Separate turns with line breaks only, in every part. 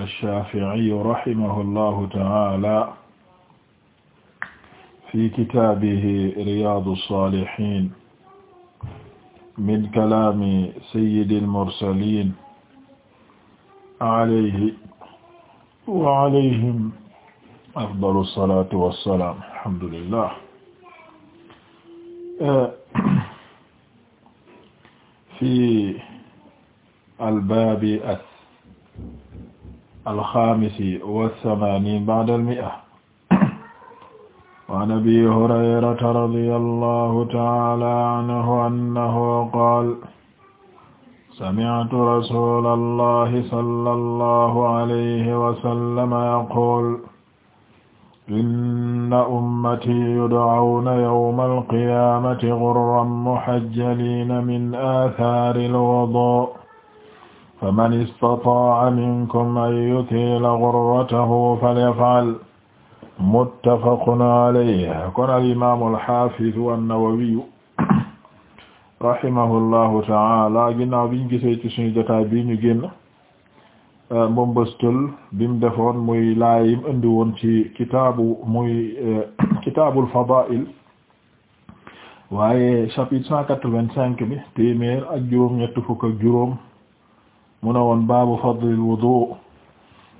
ash-Shaafi'i rahimahullahu ta'ala fi kitaabihi Riyaadu s-Saalihiin min kalaami sayyidil mursaliin alayhi wa alayhim afdalu salaatu wa salaam alhamdulillah fi albaabi alxaamisi wassamaaniin ba'dal mi'a wa an abii hurayrata radiyallaahu ta'aalaa anhu annahu qaala sami'tu rasuulallaahi sallallaahu alayhi wa sallam yaquulu inna ummatii yud'awna yawmal qiyaamati ghurran muhajjaliina min aathaaril wuduu' faman istataa'a minkum an yutiila ghurratahu falyaf'al muttafaqun alayhi kon al-imaamu al-haafizu an-nawawiyu rahimahullahu ta'aala ginnaaw biñ gisee ci suñu jotaay bii ñu génn euh, mbambastal bimu defoon muy laayim indi woon ci kitaabu muy euh, kitaabul fadaa'il waaye chapitre cent quatre-vingt-cinq bi téeméer ak juróom ñett fukk ak juróom mu ne woon baabu fadlil wudu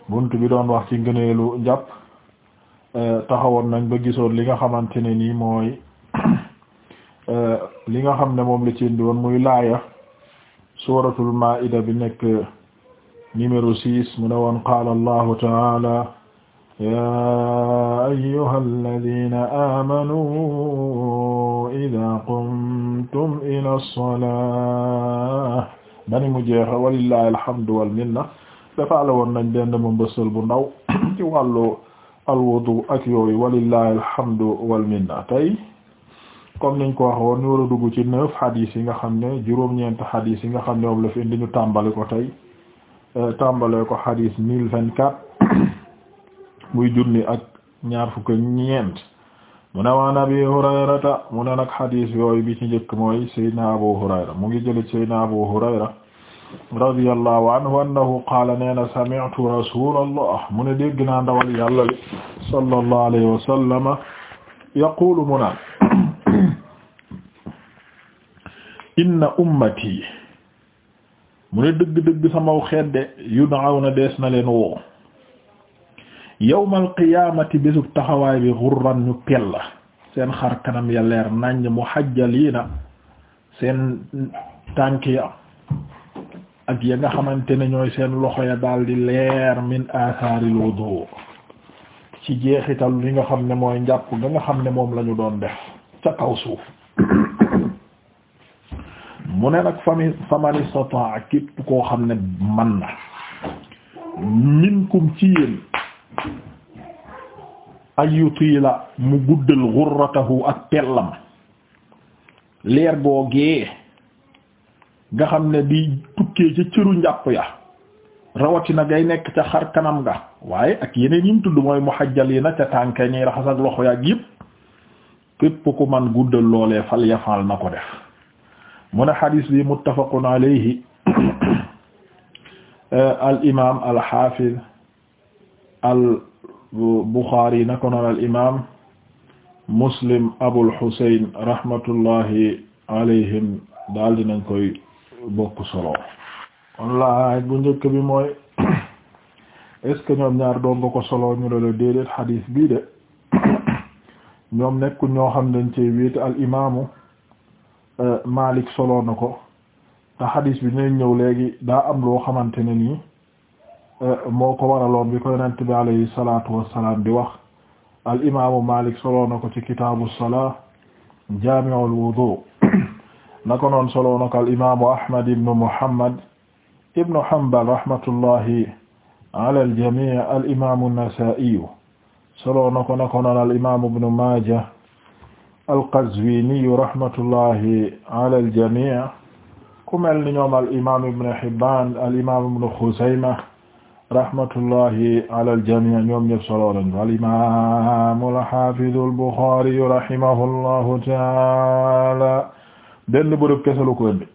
bunt bi doon wax ci ngëneelu njàpp eh, taxawoon nañ ba gisoon li nga xamante ne nii mooy eh, li nga xam ne moom la ci indi woon muy laaya suuratul maa'ida bi nekk numéro six mu ne woon qaala allahu taala yaa ayyuhal ladiina aamanuu idaa qumtum ilas salaah bani mu jeexa walillahi alhamdu wal minna defaale woon nañ benn mu mbësal bu ndaw ci wàllu alwudu ak yooyu walillahi alhamdu wal minna tey comme niñ ko wax woon ñu war dugg ci neuf hadith yi nga xam ne juróom-ñeent hadith yi nga xam ne moom la fi indi ñu tàmbali ko tey euh, tàmbalee ko hadith mille vingt-quatre muy junni ak ñaar fukk ñeent mu ne waan abi hurayrata mu ne nag xadiis yooyu bi ci njëkk mooy saydna abu hurayra mu ngi jële saydna abu hurayra radiyallahu anhu annahu qaala nee na sami'tu rasulallah mu ne dégg naa ndawal yàlla li sallallahu alayhi wa sallama yaqulu mu naan inna ummati mu ne dëgg-dëgg samaw xedde yud'awna dees na leen woo yawmal qiyaamati bésub taxawaay bi xurran ñu pel la seen xar kanam ya leer lii na seen tànk ya ak ya nga xamante ne ñooy seen loxo ya daal di leer min asaaril wudu ci jeexital li nga xam ne mooy njàpp nga nga xam ne moom lañu doon def ca kaw suuf mu ne nag fami famani satan ak képp koo xam ne man na minkum ci yéen ay yutiila mu guddal ghurratahu ak pellam leer googee nga xam ne di tukkee ca cëru njàpp ya rawatina ngay nekk ca xar kanam nga waaye ak yeneen yi yim tudd mooy muhajjal yi na ca tànke ñuy raxas ak loxo ya ak yëpp képp ku man guddal loolee fal yafaal na ko def mu ne xadiis bi muttafaqun alayhi al imaam al xaafiz bu Bukhari na ko noon al imaam Muslim Abul Husayn rahmatullahi alayhim daal dinañ koy bokk solo kon laaj bu njëkk bi mooy est-ce que ñoom ñaar doon nga solo ñu la déedéet xadiis bii de ñoom nekk ñoo xam dañ ci wéet al Malik euh, solo na ko te xadiis bi dinañ ñëw léegi daa am loo xamante ne nii Euh, moo ko waraloon bi ko yonent bi alayhi salaatu wassalaam di wax al imaamu Malik solo na ko ci kitaabu salaa jaami'ul wudu naka noon solo na ko al imaamu Ahmad ibn Muhammad ibn Hanbal rahmatullahi ala al jamii' al imaamu an-Nasaa'i solo na ko naka noon al imaamu ibn Maaja al Qazwiini rahmatullahi ala al jamii' ku mel ni ñoom al imaam ibn Hibbaan al imaam ibn Xuzayma rahmatullahi ala al-jamii' ñoom ñëpp solo lañu al-imaam al-haafiz al-Buxaari rahimahullahu ta'aala benn bërëb kese la ko indi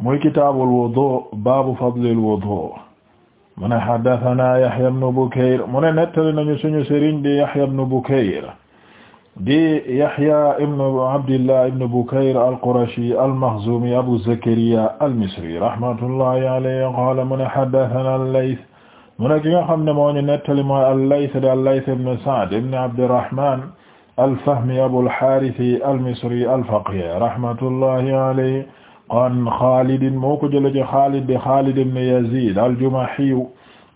muy kitaabul wudu baabu fadlil wudu mu ne haddathanaa Yahya ibn Bukayr mu ne nettali nañu suñu sëriñ di Yahya ibn Bukayr di Yahya ibn Abdillah ibn Bukayr al-Qurashi al-Makhzumi Abu Zakariya al-Misri rahmatullahi alayhi qala mu ne haddathana al-Layth mu ne ki nga xam ne moo ñu nettali mooy al-Layth di al-Layth ibn Sa'd ibn Abdirrahman al-Fahmi Abu al-Harith al-Misri al-Faqih rahmatullahi alayhi an Khalid moo ko jëlee ci Khalid di Khalid ibn Yazid al-Jumahi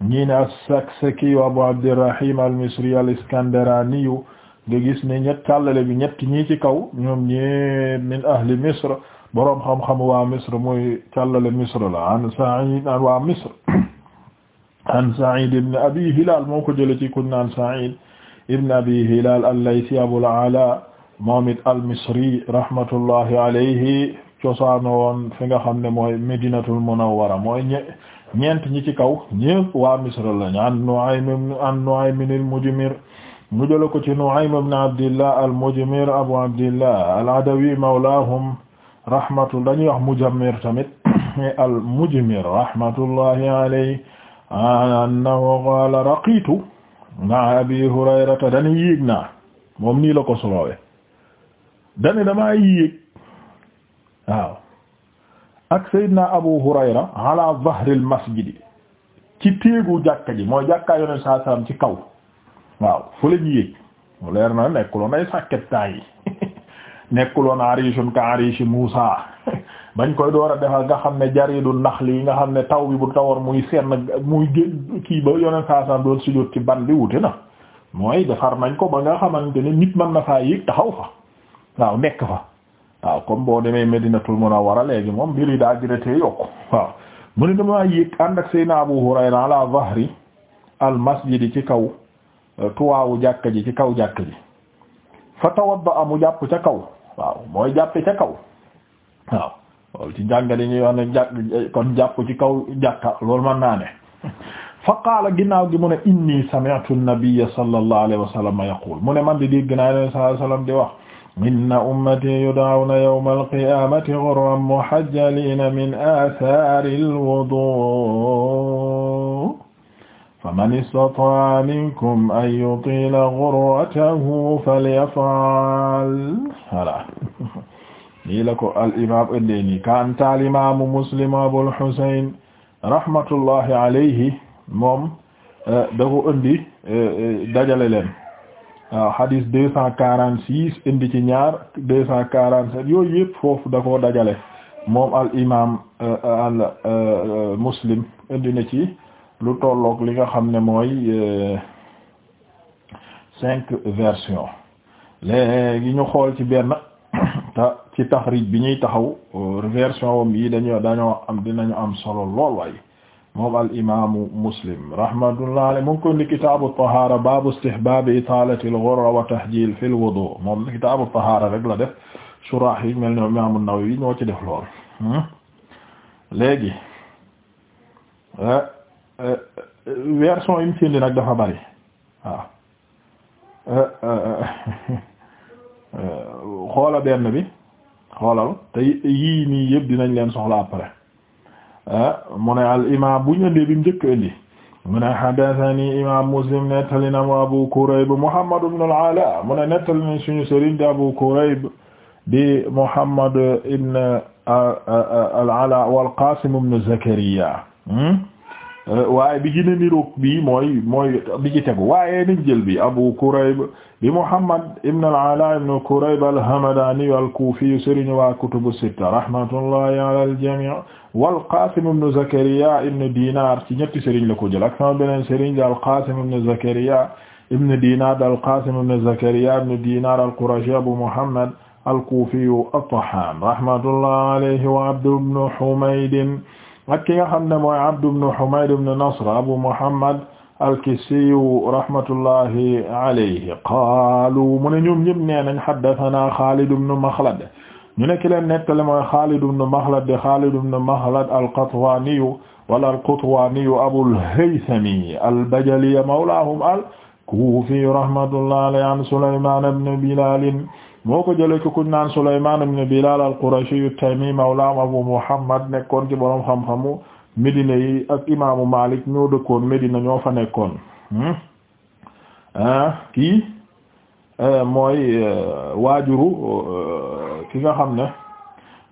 ñi ne as-Saksaki Abu Abdirrahim al-Misri al-Iskandarani nga gis ne ñett tàllale bi ñett ñii ci kaw ñoom ñi min ahli misr boroom xam-xam waa misr mooy tàllale misr la an Sa'id an waa misr an Sa'id ibn abi hilal moo ko jële ci kuñ naan Sa'id ibn abi al moom it al-Misri rahmatullahi alayhi cosaano xam ne mooy Madinatul Munawwara mooy waa misr la an Nu'aym an Nu'aym al-Mujmir mu jëla ko ci Nu'aym ibn Abdillah al-Mujmir Abu Abdillah al-Adawi mawlaahum rahmatul dañuy wax Mujammir tamit al-Mujmir rahmatullahi alayhi annahu qaala raqiitu ma'a Abi Hurayrata dañu yéeg moom nii la ko soloowe dañu damaa yéeg waaw ak Seydina Abu Hurayra ala zahril masjidi ci téegu jàkka ji mooy jàkkaa Yonent saa salaam ci kaw waaw fu lañu yéeg mu leer na nekkuloon ay sàkket temps yi nekkuloon arishun ka arishi Musa bañ koy door a defal nga xam ne jaridu nax lii nga xam ne taw bi bu tawoon muy senn muy génn kii ba yoneen saasam doon sujjóot ci ban bi wute na mooy defar nañ ko ba nga xamante ne nit mën na faa yéeg taxaw fa waaw nekk fa waaw comme boo demee Medinatul war a léegi moom mbir yi daa gën te yokku waaw mu ne damaa yéeg ànd ak Seydina Abu Hurayra ala zahri ci kaw tuwaawu euh, jàkka ji ci kaw jàkka ji fa amu jàpp ca kaw waaw mooy jàppe ca kaw waaw loolu ci njàngale ñuy wax ne jàkk kon jàpp ci kaw jàkka loolu naa ne ginnaaw gi mu ne inni sami'tu an-nabiyya sallallahu alayhi wa sallam yaqul man di dégg naa ne sallallahu alayhi di wax inna ummati yud'awna yawma al-qiyamati ghurran muhajjalina min athari al faman istata'a minkum an yutila ghurratahu falyaf'al voilà nii la ko al imam ëndee nii kanta al imam Muslim Abul Husayn rahmatullahi alayhi moom eh, da ko indi eh, eh, dajale leen waaw ah, hadis deux cent quarante six indi ci ñaar deux cent quarante sept yooyu yëpp foofu da ko dajale moom al imam al Muslim indi na ci lu tolloog li nga xam ne mooy euh, cinq version léegi ñu xool ci benn ta ci taxrij bi ñuy taxaw euh, version wam yi dañu dañoo am dinañu am solo lool waaye moom al imaamu muslim rahmatullah alayhi mu ngi ko ni kitaabu tahaara baabu istihbaab itaalati al-ghurra wa tahjiil fi al-wudu moom kitaabu tahaara rek la def surah yi mel ni imaam an-Nawawi ñoo ci def lool hmm? léegi euh, Euh, euh, version yim sindi nag dafa bari waaw euh, xoola benn bi xoolal te yii nii yëpp dinañ leen soxla après mu ne al imam bu ñu ëndee bi mu njëkk indi mu ne hadathani imam muslim nettali na mu abu kurayb muhammad ibn al ala mu ne nettali na suñu sëriñ di abu kurayb di muhammad ibn al ala wal qasim ibn zakariya hmm? waaye bi gën a niroog bi mooy mooy bi ci tegu waaye niñ jël bi Abu Kurayb bi Muhammad ibn al-Ala ibn Kurayb al-Hamadani al-Kufi sëriñ wa kutubu sitta rahmatullahi ala al-jami' wal Qasim ibn Zakariya ibn Dinar ci ñetti sëriñ la ko jël ak sama beneen sëriñ di al-Qasim ibn Zakariya ibn Dinar al-Qasim ibn Zakariya ibn Dinar al-Qurashi Abu Muhammad al-Kufi at-Tahan rahmatullahi alayhi wa Abd ibn Humayd ak ki nga xam ne mooy Abd ibn Humayd ibn Nasr Abu Muhammad al-Kissi rahmatullahi alayhi qaalu mu ne ñoom ñëpp nee nañ haddathana Khalid ibn Makhlad ñu ne ki leen nettali mooy Khalid ibn Makhlad de Khalid ibn Makhlad al-Qatwani wala al-Qutwani Abul Haythami al-Bajali mawlahum al-Kufi rahmatullahi alayhi an Sulayman ibn Bilal moo ko jëlee ko kuñ naan Sulaymaan ibn Bilaal al-Qurashi at-Taymi mawlaam Abu Muhammad nekkoon ci borom xam-xamu Medina yi ak imaamu Maalik ñoo dëkkoon Medina ñoo fa nekkoon hmm? ah, kii eh, mooy eh, waajuru eh, ki nga xam ne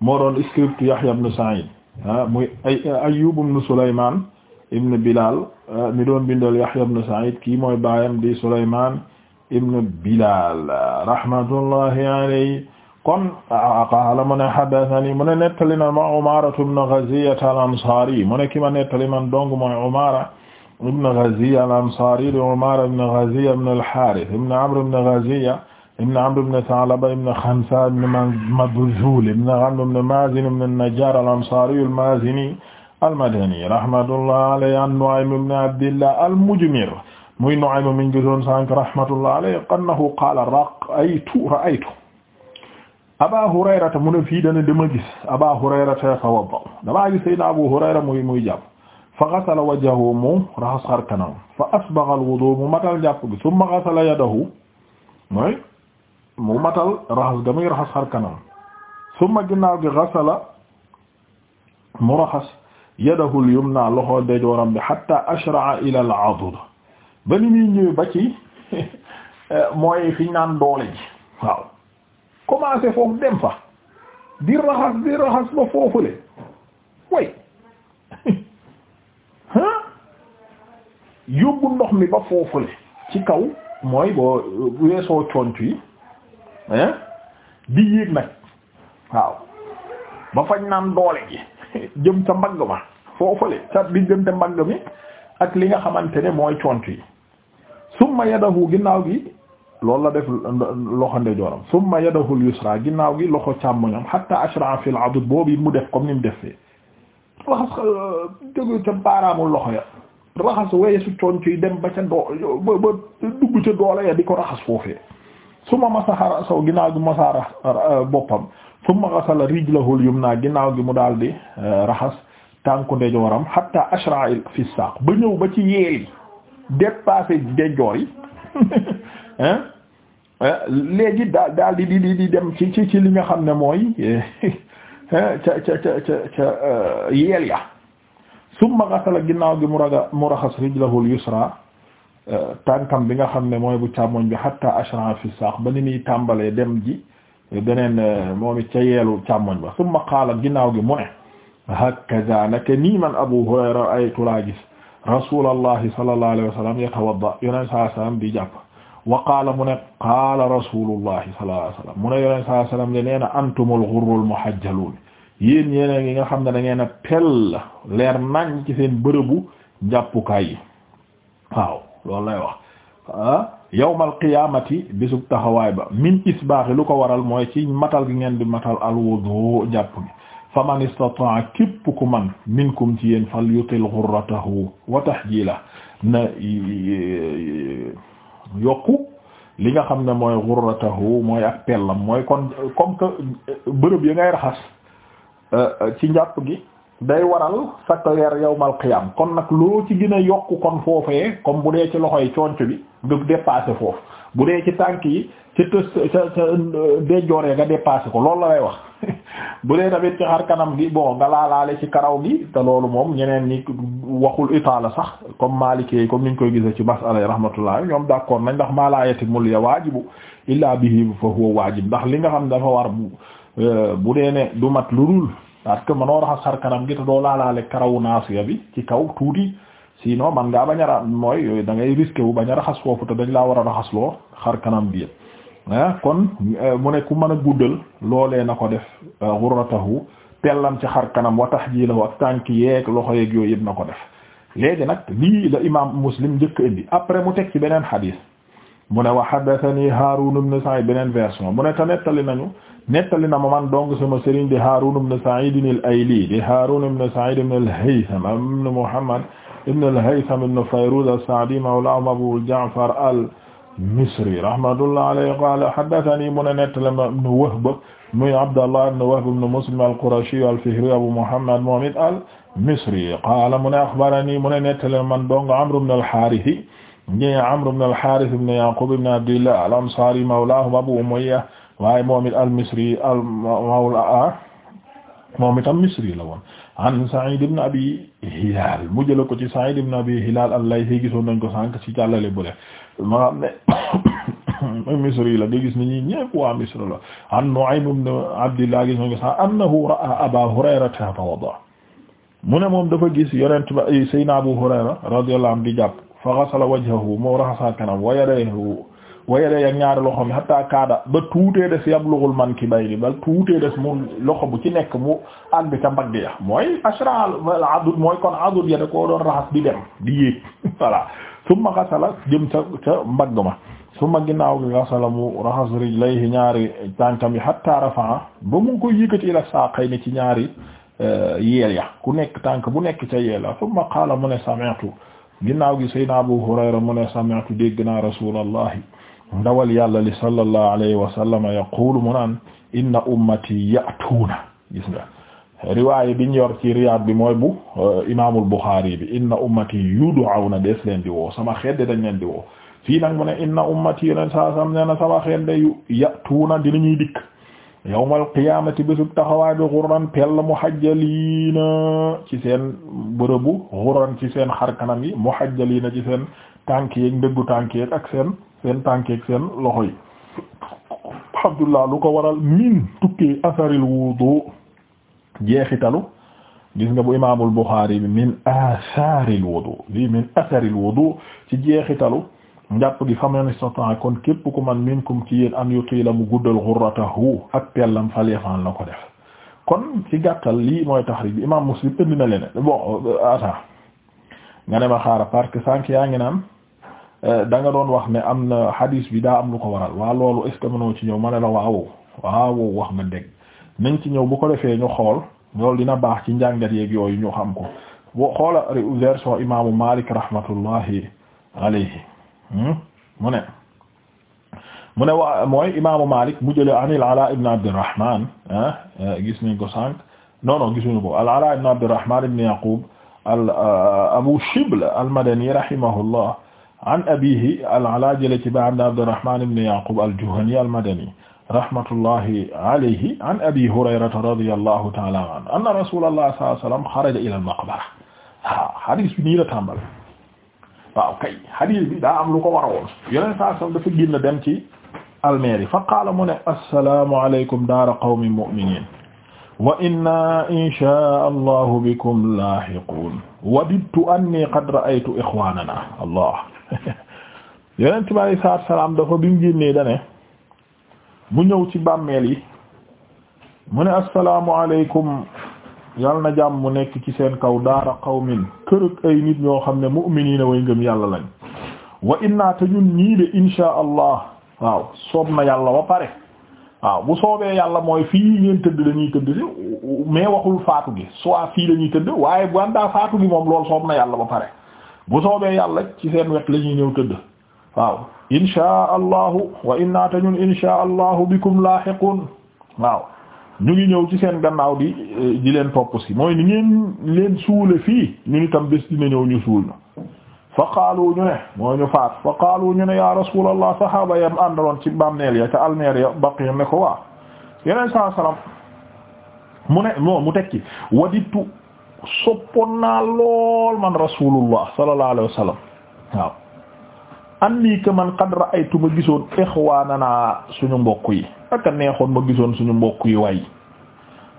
moo doon script Yahya ibn Sa'id ah, muy Ayyub ibn Sulaymaan ibn Bilaal mi doon bindool Yahya ibn Sa'id kii mooy baayam di Sulaymaan ibn Bilal rahmatullahi alayhi kon qaala mu ne haddathani mu ne nettali na ma Umaara ibn Ghaziya al-Ansari mu ne ki ma nettali man dong mooy Umaara ibn Ghaziya al-Ansari di Umaara ibn Ghaziya ibn al-Harith ibn Amr ibn Ghaziya ibn Amr ibn Tha'laba ibn Khamsa ibn Mabdhul ibn Ghanm ibn Mazin ibn an-Najjar al-Ansari al-Mazini al-Madani rahmatullahi alayhi an Nu'aym ibn Abdillah al-Mujmir muy Nu'aym min gisoon sànq rahmatullah alayhi annahu qaala ra'aytu ra'aytu Aba Hurayrata mu ne fii dana dama gis Aba Hurayrata yatawadda damaa gis Seydina Abu Hurayra muy muy jàpp fa ghasala wajhahu mu raxas xar kanam fa asbagha al-wudu mu matal jàpp gi summa ghasala yadahu mooy mu matal raxas ga muy raxas xar kanam summa ginnaaw gi ghasala mu raxas yadahu al-yumna loxo ndeyjooram bi hatta ashra'a ila al-'adud ba ni muy ñëwee ba ci mooy fi naan doole ji waaw commencé foofu dem fa di raxas di raxas ba foofule way ah yóbbu ndox mi ba foofule ci kaw mooy boo weesoo conc yi hein di yéeg nag waaw ba fañ naan doole gi jëm ca mbagg ma foofule ca bi jëm te mbagg mi ak li nga xamante ne mooy conc yi summa yadahu ginnaaw gi loolu la def loxo ndeyjooram summa yadahu yusra ginnaaw gi loxo càmmoñam hatta ashra fil adud boobu mu def comme ni mu defee raxas euh, jóge ca baaraamul loxo ya raxas weesu coon ciy dem ba ca doo ba dugg ca doole ya di ko raxas foofee su ma ra'sahu ginnaaw gi masaha boppam summa ghasala rijlahu al-yumna ginnaaw gi mu daal di euh, raxas tànku ndeyjooram hatta ashra fi saaq ba ñëw ba ci yeel dépassé déjoor yi léegi daal daal di di dem ci ci ci li nga xam ne mooy ca ca ca ca euh, yeel ya summa ginnaaw gi mu raga euh, tànkam bi nga xam ne mooy bu càmmoñ bi hatta ashra fi saq ba ni muy tàmbalee dem ji beneen euh, moom ca yeelu càmmoñ ba summa qaala ginnaaw gi mu ne hakaza naka nii man Abu Hurayra ay tulaa gis rasulallahi sallallahu alayhi wa sallam yatawadda yonent sallallahu alayhi wa sallam di jàpp wa qaala mu ne qaala rasulullahi sallallahu alayhi wa sallam mu ne yonent sallallahu alayhi wa sallam ne nee na antumul ghurrul muhajjalun yéen yéen yi nga xam ne da ngeen a pell leer nañ ci seen bërëbu njàppukaay yi waaw loolu lay wax ah yawmal qiyaamati bisub taxawaay ba min isbaaxi lu ko waral mooy ci matal gi ngeen di matal al wudu jàpp gi faman istata'a képp ku man minkum ci yéen fal yutil ghurratahu wa tahjila na yokku li nga xam ne mooy ghurratahu mooy ak pellam mooy kon comme que euh, bërëb yi ngay raxas euh, ci njàpp gi day waral sa weer yawmal qiyam kon nag loo ci gën a yokku kon foofee comme bu dee ci loxoy conc bi du dépasser foofu bu dee ci tànk yi ca tës ca ca déjjooree nga dépassé ko loolu la lay wax bu dee tamit ci xar kanam gi bon nga laalaale ci karaw gi te loolu moom ñeneen ñi waxul itaala sax comme maalikee yi comme ñu koy gisee ci masala yi rahmatullah ñoom d'accord nañ ndax maa laa yatimul ya waajibu illaa bihi fa huwa waajib ndax li nga xam dafa war bu euh, bu dee ne du mat lu dul parce que mënoo raxas xar kanam gi te doo laalaale karawu naasiya bi ci kaw tuuti. sinon man ngaa ba a mooy da ngay risqué wu bañ a raxas foofu te dañ laa war a raxasloo xar kanam bi ah kon eh, mu ne ku mën a guddal loolee na ko def eh, ghurratahu tellam ci xar tax jii tahjilahu ak tànk yeeg loxo yeeg yooyu yëpp na ko def léegi nag lii la imam muslim njëkk indi après mu teg ci beneen xadis mu ne wa hadathani Harun ibn Sa'id beneen version mu ne te nettali nañu nettali na ma man donc sama sëriñ di Harun ibn ne sa ayli di Harun ibn Sa'id ibn al-Haytham ibn ibn al-Haytham ibn Fayruz as-Sa'di mawlaahum Abu Ja'far al-Misri rahmatullah alayhi qala haddathani mu ne nettalema ibn Wahb muy Abdallah ibn Wahb ibn Muslim al-Qurashi al-Fihri Abu Muhammad moom it al-Misri qala mu ne akhbarani mu ne nettale man dong Amr ibn al-Harith ñi Amr ibn al-Harith ibn Yaqub ibn Abdillah al-Ansari mawlaahum Abu Umayya waaye moom it al-Misri al-mawla ah, moom itam misri la woon an Sa'id ibn Abi Hilal mu jëla ko ci Sa'id ibn Abi Hilal al-Laythi gisoon nañ ko sànq ci jàllale bu le ma xam ne misri la nga gis ni ñi ñépp waa misri la an Nu'aym ibn Abdillah gis nañ ko sànq annahu ra'a Aba Hurayra yatawadda mu ne moom dafa gis yonent ba eh, Sayyidina Abu Hurayra radiyallahu anhu di jàpp fa ghasala wajhahu moo raxasaa kanam wa yadayhi wayadee ak ñaari loxo mi hatta kaada ba tuutee des yablughul mankibay ba tuutee des mu loxo bu ci nekk mu ànd ca mbagg ya mooy ashra adud mooy kon adud ya da koo doon raxas di dem di yéeg voilà summa xasala jëm ca ca mbagg ma summa ginnaaw gi xasala mu raxas rijlayhi ñaari tànkam yi hatta rafa'a ba mu ngi koy yëkkati ila saaqayni ci ñaari eh, yeel ya ku nekk tànk bu nekk ca yeel ya summa qaala mu ne sami'tu ginnaaw gi sayna Abu Hurayra mu ne sami'tu dégg naa ndawal yàlla li sallallahu alayhi wa sallam yaqulu mu naan inna ummati ya'tuuna gis nga riwaaya biñ yor ci bi mooy bu euh, imaamul Buxaari bi inna ummati yud'awna dees leen di woo sama xedde dañ leen di woo fii nag mu ne inna ummati yoneen saa sam ne na sama xedde yu ya'tuuna dina ñuy dikk yawmal qiyaamati bésub taxawaay bi xurran pell muhajjaliina ci seen bërëbu xurran ci seen xarkanam yi muhajjaliina ci seen tànk yeeg ndëggu tànk ak seen seen tànk ak seen loxo yi Abdullah lu ko waral min tukkee asaril wudu jeexitalu gis nga bu imaamul Buxaari bi min asaril wudu lii min asaril wudu ci jeexitalu njàpp gi faman istata kon képp ku man minkum ci yéen an yutila mu guddal ghurratahu ak pellam falyafan la ko def kon ci gàttal lii mooy taxrij bi imaam Muslim indi leneen bon euh, ata nga ne ma xaara parce yaa ngi naan Eh, da nga doon wax ne am na hadis bi daa am lu ko waral waa loolu est ce que mënoo ci ñëw ma ne la waawow waawow wax nga dégg nañ ci ñëw bu ko defee ñu xool loolu dina baax ci njàngat yeeg yooyu ñu xam ko boo xoola version imaamu Malik rahmatullahi alayhi hmm? mu ne mu ne wa mooy imaamu Malik mu jële an al-Alaa ibn Abdirahman ah, eh, gis nañ ko sànq non gisuñu ko al-Alaa ibn Abdirahman ibn Yaqub ah, Abu Shibl al-Madani an abiihi al-Alaa jële ci baay Abdurrahmaan ibn Yaaqub al-Juhani al-Madani rahmatullahi alayhi an Abii Hurayrata radiyallahu ta'aala anhu anna rasuulallahi sallallahu alayhi wa sallam xaraja ilal maqbara waaw hadiis bi nii la tàmbal waaw kay hadiis bi daa am lu ko war a woon yeneen saa sax dafa génn dem ci almeeri fa qaala mu ne assalaamu alaykum daara qawmin mu'miniin wa inna inshaa allahu bikum laahiquun wadidtu annii qad ra'aytu ixwaananaa allah yonent bi sa salaatu salaam dafa bi mu génnee dane mu ñëw ci bàmmeel yi mu ne assalaamu alaykum yal na jàmm mu nekk ci seen kaw daara qawmin kërëg ay nit ñoo xam ne mu'miniina way ngëm yàlla lañ wa inna te ñun ñii de insha allah waaw soob na yàlla ba pare waaw bu soobee yàlla mooy fii ngeen tëdd dañuy tëdd si mais waxul faatu gi soit fii lañuy tëdd waaye bu àndaa faatu gi moom lool soob na yàlla ba pare bu soobee yàlla ci seen wet la ñuy ñëw tëdd waaw inshaa allahu wa inna ta ñun inshaa allahu bikum laahiqun waaw ñu ngi ñëw ci seen gannaaw di eh, di leen topp si mooy ni ngeen leen suule fii ñu ni tam bés dina ñëw ñu suul ñu fa qaalu ñu ne moo ñu faat fa qaalu ñu ne ya rasulallah sahaaba yam àndaloon ci bàmmeel ya ca almeer ya baqi ne ko waa yeneen saa mu ne moo mu tekki waditu soppoon naa lool man rasulullah sallallahu alayhi wa sallam waaw anni ka man qad ra'aytu ma gisoon ixwaanana suñu mbokk yi aka neexoon ma gisoon suñu mbokk yi waay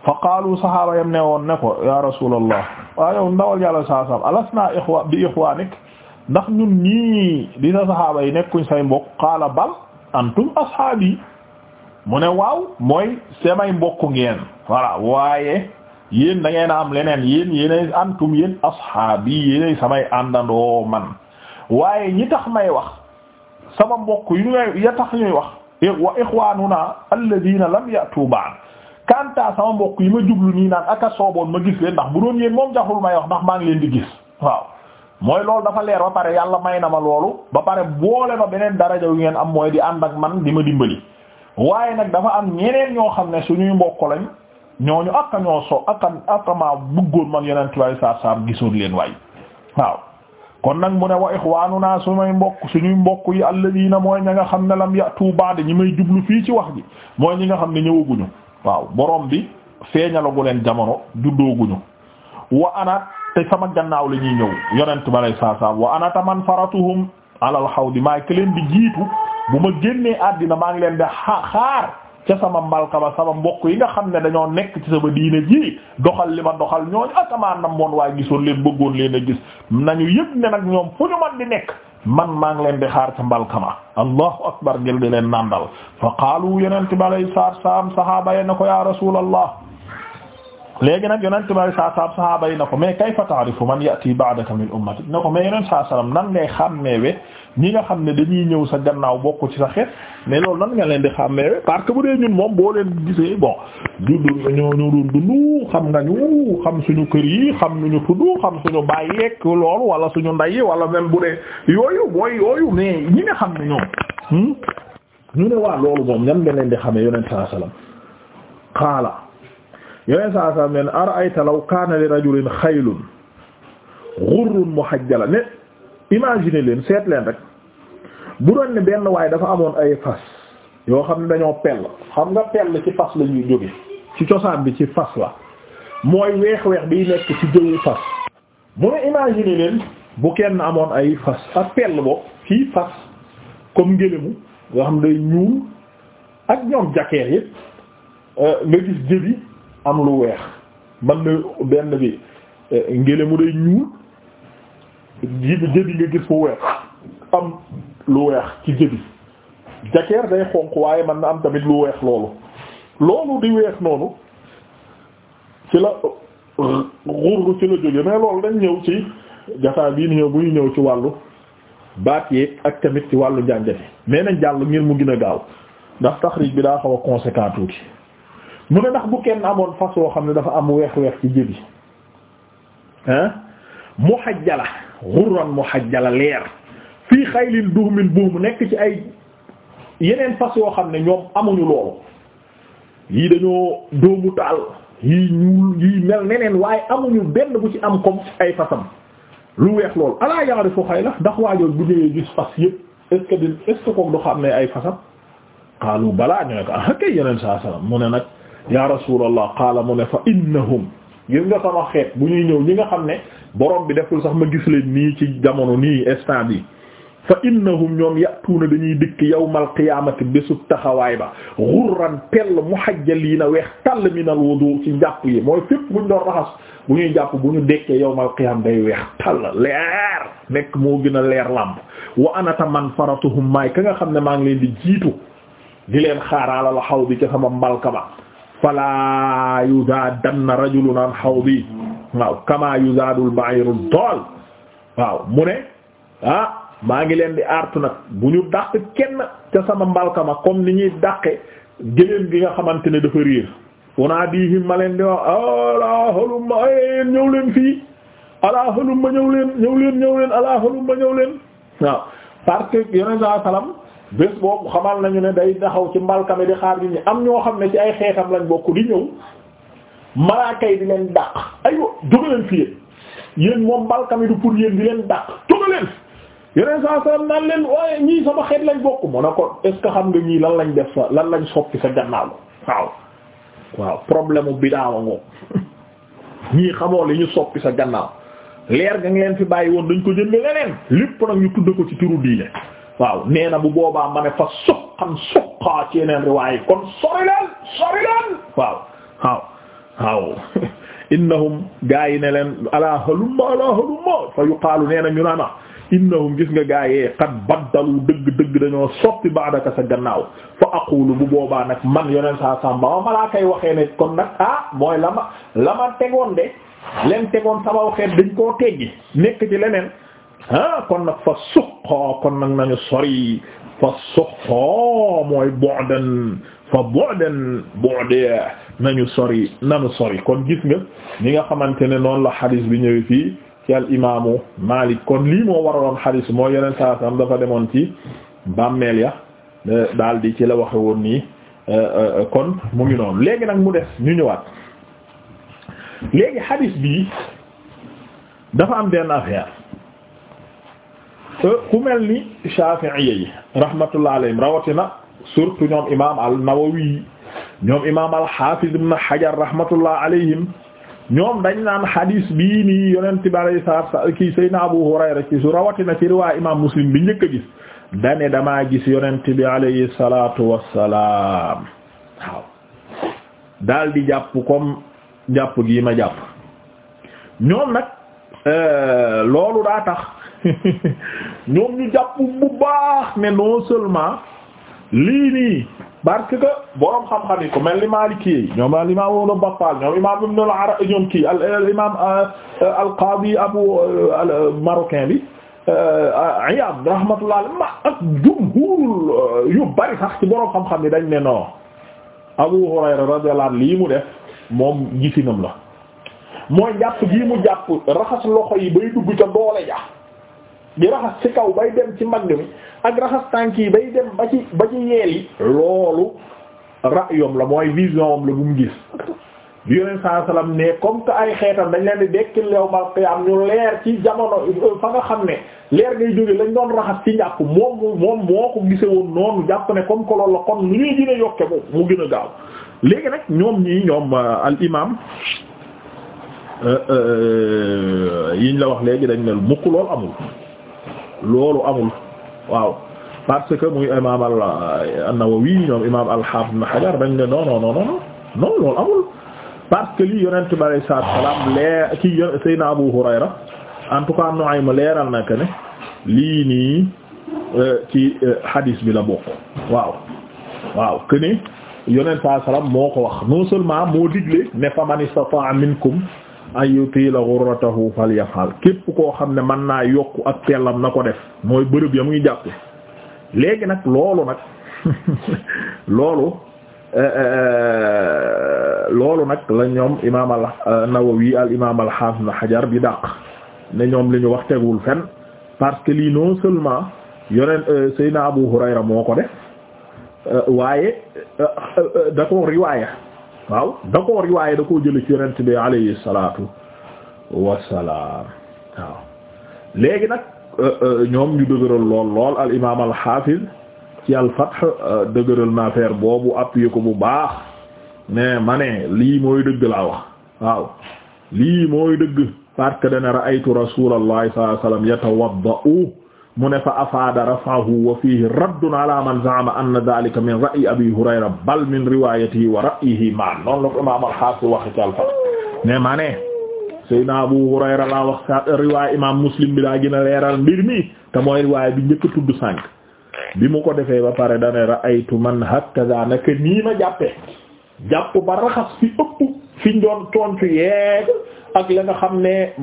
fa qaalu sahaaba yam ne ne ko ya rasulallah waaw yow ndawal yàlla saa salam ixwaanik ndax ñun ñii di sa sahaaba yi nekkuñ say mbokk qaala bal antum ashaabi mu ne waaw mooy samay mbokk ngeen voilà waaye yéen da ngeen a am leneen yéen yéenay antum yéen asxaab yi samay àndandoo man waaye ñi tax may wax sama mbokk yu ngay ya tax ñuy wax naa ixwanuna alladina lam yatu ba'd kanta sama mbokk yi ma jublu nii naan aka sooboon ma gis leen ndax bu doon yéen moom jaxul may wax ndax maa ngi leen di gis waaw mooy lool dafa leer ba pare yàlla may na ma loolu ba pare boole ma beneen daraja yu ngeen am mooy di ànd ak man di ma dimbali waaye nag dafa am ñeneen ñoo xam ne suñuy mbokk ñooñu ak a ñoo so ak a ak maa bëggoon man yeneen tubaab yi saa saam gisul leen waay waaw. kon nag mu ne wa ixwaanunaa sumay mbokk suñuy mbokk yi alladina mooy ña nga xam ne lam yatu baade ñi may jublu fii ci wax bi mooy ñi nga xam ne ñëwaguñu waaw borom bi feeñalagu leen jamono juddooguñu wa ana te sama gannaaw la ñuy ñëw yonent ba lay saasaam wa ana taman faratuhum alal xawdi maa ngi leen di jiitu bu ma génnee àddina maa ngi leen di xaar ca sama mbalka ma sama mbokk yi nga xam ne dañoo nekk ci sama diine ji doxal li ma doxal ñooñu atamaa nam woon waaye gisoon leen bëggoon leen a gis nañu yëg ne nag ñoom fu ñu man di nekk man maa ngi leen di xaar ca mbalka ma allahu akbar ngir di leen nandal fa qaalu yeneen bi alayi saatu salam sahaaba ye na ko ya rasulallah léegi nag yonent bi saa saam yi na ko mais kayfa ta'rifu man ya'ti ba'daka min ummati na ko mais yonent saa salaam nan ngay xàmmeewe ñi nga xam ne dañuy ñëw sa gannaaw bokk ci sa xeet mais loolu nan nga leen di xàmmeewe parce que bu dee ñun moom boo leen gisee bon du du ñoo ñu doon dundu xam nga ñu xam suñu kër yi xam ñu tudd xam suñu baay yeeg loolu wala suñu ndey yi wala même bu dee yooyu booy yooyu mais ñi nga xam ne ñoom hmm? ñu ne waa loolu moom ñan nga leen di xamee yonent saa salaam xaala yeneen saa saa ne ara'ayta law kaana li rajulin xaylun ghurrun muhajjala ne imagine leen seet rek bu doon ne benn waaye dafa amoon ay fas yoo xam ne dañoo pell xam nga pell ci fas lañuy ñuy jóge ci cosaan bi ci fas la mooy weex weex biy nekk ci jëwu fas mu ne imagine leen bu kenn amoon ay fas ak pell bo kii fas comme ngélému nga xam day ñuul ak ñoom jakeer yëpp euh, nga gis jëbi am lu weex man na benn bi eh, ngele mu day ñuul jibi jëbi nga gis mu weex am lu weex ci jëbi jakeer day xonq waaye man na am tamit lu weex loolu loolu di weex noonu ci la xurr ci la jóge mais loolu dañ ñëw ci jataa bii ni ñëw bu ñëw ci wàllu baat yeeg ak tamit ci wàllu njànjati mais nañ jàll ngir mu gën a gaaw ndax taxrij bi daa xaw a tuuti mu ne ndax bu kenn amoon fas woo xam ne dafa am weex weex ci jëbi ah muhajjala ghurran jala leer fii xaylin duhmin buum nekk ci ay yeneen fas yoo xam ne ñoom amuñu loolu yii dañoo doomu taal yii ñuul yii mel neneen waaye amuñu benn bu ci am comme ay fasam lu weex loolu alaa ya'rifu xayla ndax waajoon bu ñëwee gis fas yëpp est-ce que du xam ne ay fasam qaalu balaa ñu ne ko ah kay yeneen saa salaam mu ne nag ya rasulallah qaala mu ne fa innahum gis nga sama xeet bu ñuy ñëw ñi nga xam ne boroom bi deful sax ma gis leen nii ci jamono nii instant bi fa innahum ñoom yàttuuna dañuy dikk yawmal qiyaamati bésub taxawaay ba ghurran pell muhajjaliina weex tàll minal wudu ci njàpp yi mooy fépp bu ñu doon raxas bu ñuy jàpp bu ñu dekkee yawmal qiyaam day weex tàll leer nekk moo gën a leer làmp wa anata man faratuhum maay ka nga xam ne maa ngi leen di jiitu di leen xaaraalal xaw bi ca sama mbalka ba fala yuzaadanna rajulun an hawdi waaw kama yuzaadul ba'iru dool waaw mu ne ah maa ngi leen di artu nag bu ñu dàq kenn ca sama mbalka ma comme ni ñuy dàqe géléem gi nga xamante ne dafa réer unaa diihim ma leen di wax alaa halumma ayeen ñëw leen fii alaa halumma ñëw leen ñëw leen ñëw leen alaa halumma ñëw leen waaw parce que yonent saa salaam bés boobu xamal nañu ne day taxaw ci mbalkame di xaar nit ñi am ñoo xam ne ci ay xeetam lañ bokk di ñëw malaaka di leen dàq aywa jóge leen fii yéen moom mbalkame du pour yéen di leen dàq jóge leen yeneen saa salaam naan leen waaye ñii sama xeet lañ bokk mu ne ko est ce xam nga ñii lan lañ def sa lan lañ soppi sa gannaaw waaw waaw problème bi daawa ngoo ñii xamoo li ñu soppi sa gannaaw leer nga leen fi bàyyi woon dañ ko jënd leneen lépp nag ñu tudd ko ci turu diine waaw nee na bu boobaa ma ne fa suqan suqaa ci yeneen riwaay kon sori leen waaw waaw waaw innahum gaa yi ne leen alaa halumma alaa halumma fa yuqaalu nee na ñu naana innahum gis nga gaayee qad baddalu dëgg dëgg dañoo soppi baadaka sa gannaaw fa aqulu bu boobaa nag man yoneen saa sàmba ma malaa kay waxee ne kon nag ah mooy la ma la ma tegoon de leen tegoon sama waxeet dañ koo teggi nekk ci leneen ah kon nag fa kon nag nañu sori fa suqa mooy bu'dan fa bu'dan bu'de nañu sori nañu sori kon gis nga ñi nga xamante ne noonu la xadis bi ñëwee fii ci al imaamu kon lii moo waraloon xadis moo yeneen saa sam dafa demoon ci bàmmeel ya e, daal di ci la waxe woon nii e, e, kon mu ngi noonu léegi nag mu des ñu ñëwaat léegi xadis bi dafa am benn affaire ku mel ni Shafi'iyya yi rahmatullah alayhim rawatina surtout ñoom imam an-Nawawi ñoom imam al-Hafiz ibn Hajar rahmatullah alayhim ñoom dañ naan hadis bii nii yonent bi alayhi salaatu wa salaam kii Seydina Abu Hurayra ci su rawatina ci riwaa imam Muslim bi njëkk a gis dane damaa gis yonent bi alayhi salaatu wa salaam waaw daal di jàpp comme jàpp gii ma jàpp ñoom nag euh, loolu daa tax ñoom ñu jàpp bu baax ne non seulement lii nii parce que borom xam-xam yi ko mel ni Maliki yi ñoom al imam Ibn Battal ñoom imam Ibn al-Arabi ñoom kii al imam euh, al-Qadi Abu euh, euh, marocain bi Iyad rahmatullah ma jumhur yu bari sax ci borom xam-xam yi dañ ne non Abu Hurayra radiyallahu anhu lii mu def moom gisinam la mooy jàpp gii mu jàpp raxas loxo yi bay dugg ca doole ja di raxas ci kaw bay dem ci mbagg mi ak raxas tànk yi bay dem ba ci ba ci yeel loolu ra'yom la mooy vision am la bu mu gis bi yoneen saa ay xeetam dañ leen di dekkil leew mal qiyaam ñu leer ci jamono fa nga xam ne leer ngay jóge lañ doon raxas ci njàpp moom moom moo ko gise woon noonu jàpp ne comme ko loolu la kon lu ñuy gën a yokke mu gën a gaaw léegi nag ñoom ñii ñoom euh, al imam euh, euh, yiñ la wax léegi dañ ne mukk lool amul loolu amul waaw parce que muy imam euh, an-Nawawi ñoom imam al-Hafiz Ibn Hajar dañ ne non non non loolu amul parce que lii yonent bi salaam leer kii Seydina Abu Hurayra en tout cas Nu'aym leeral na ne lii nii euh, ci euh, hadis bi la bokk waaw waaw que ne salaam moo ko wax non seulement moo digle ne fa man istata'a minkum ay yutila ghurratahu falyafal képp koo xam ne mën naa yokk ak tellam na ko def mooy bërëb ya muy jàppe léegi nag loolu nag loolu eh, eh, eh, loolu nag la ñoom imaam an-Nawawi al imaam al-Hafiz na Hajar bi dàq ne ñoom li ñu wax teguwul fen parce que lii non seulement yoneen Seydina Abu Hurayra moo ko def waaye da ko riwaaya waaw da koo riwaaye da koo jële ci yonent bi alayhi salaatu wassalaam waaw léegi nag euh, euh, ñoom ñu dëgëral lool lool al imaam al xaafiz ci al fath euh, dëgëral na boobu appuyé ko bu baax mais ma ne lii mooy dëgg laa wax waaw lii mooy dëgg parce que dana ra'aytu rasuulallahi sallallahu alayhi wasallam yatawadda'u mu ne fa afaada rafaahu wa fiihi raddun ala man zaama anna dhalika min ra'yi abi hurayra bal min riwayatihi wa ra'yihi maan noonu la ko imaam al-Haafiz waxe ci al ne ma ne Seydina Abu Hurayra laa wax sa riwaay imaam Muslim bi daa leeral mbir mi te mooy riwaay bi njëkk tudd sànq bi mu ko defee ba pare dane ra'aytu man hakaza naka nii ma jàppe jàpp ba raxas fi ëpp fi njoon toonc ak la nga xam ne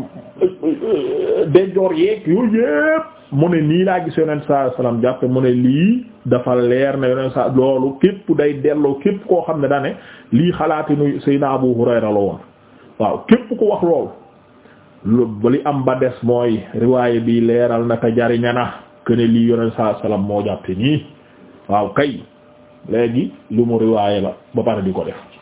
denjoor yeeg yooyu yépp mu ne nii laa gis yonent saa salaam jàpp mu ne lii dafa leer na yonent saa loolu képp day delloo képp koo xam ne daa lii xalaatinu Seydina Abu Hurayra la woon waaw képp ku wax loolu lu li am ba des mooy riwaay bi leeral na te jariña na këne lii yonent saa salaam moo jàppe nii waaw kay léegi lu mu riwaay la ba pare di ko def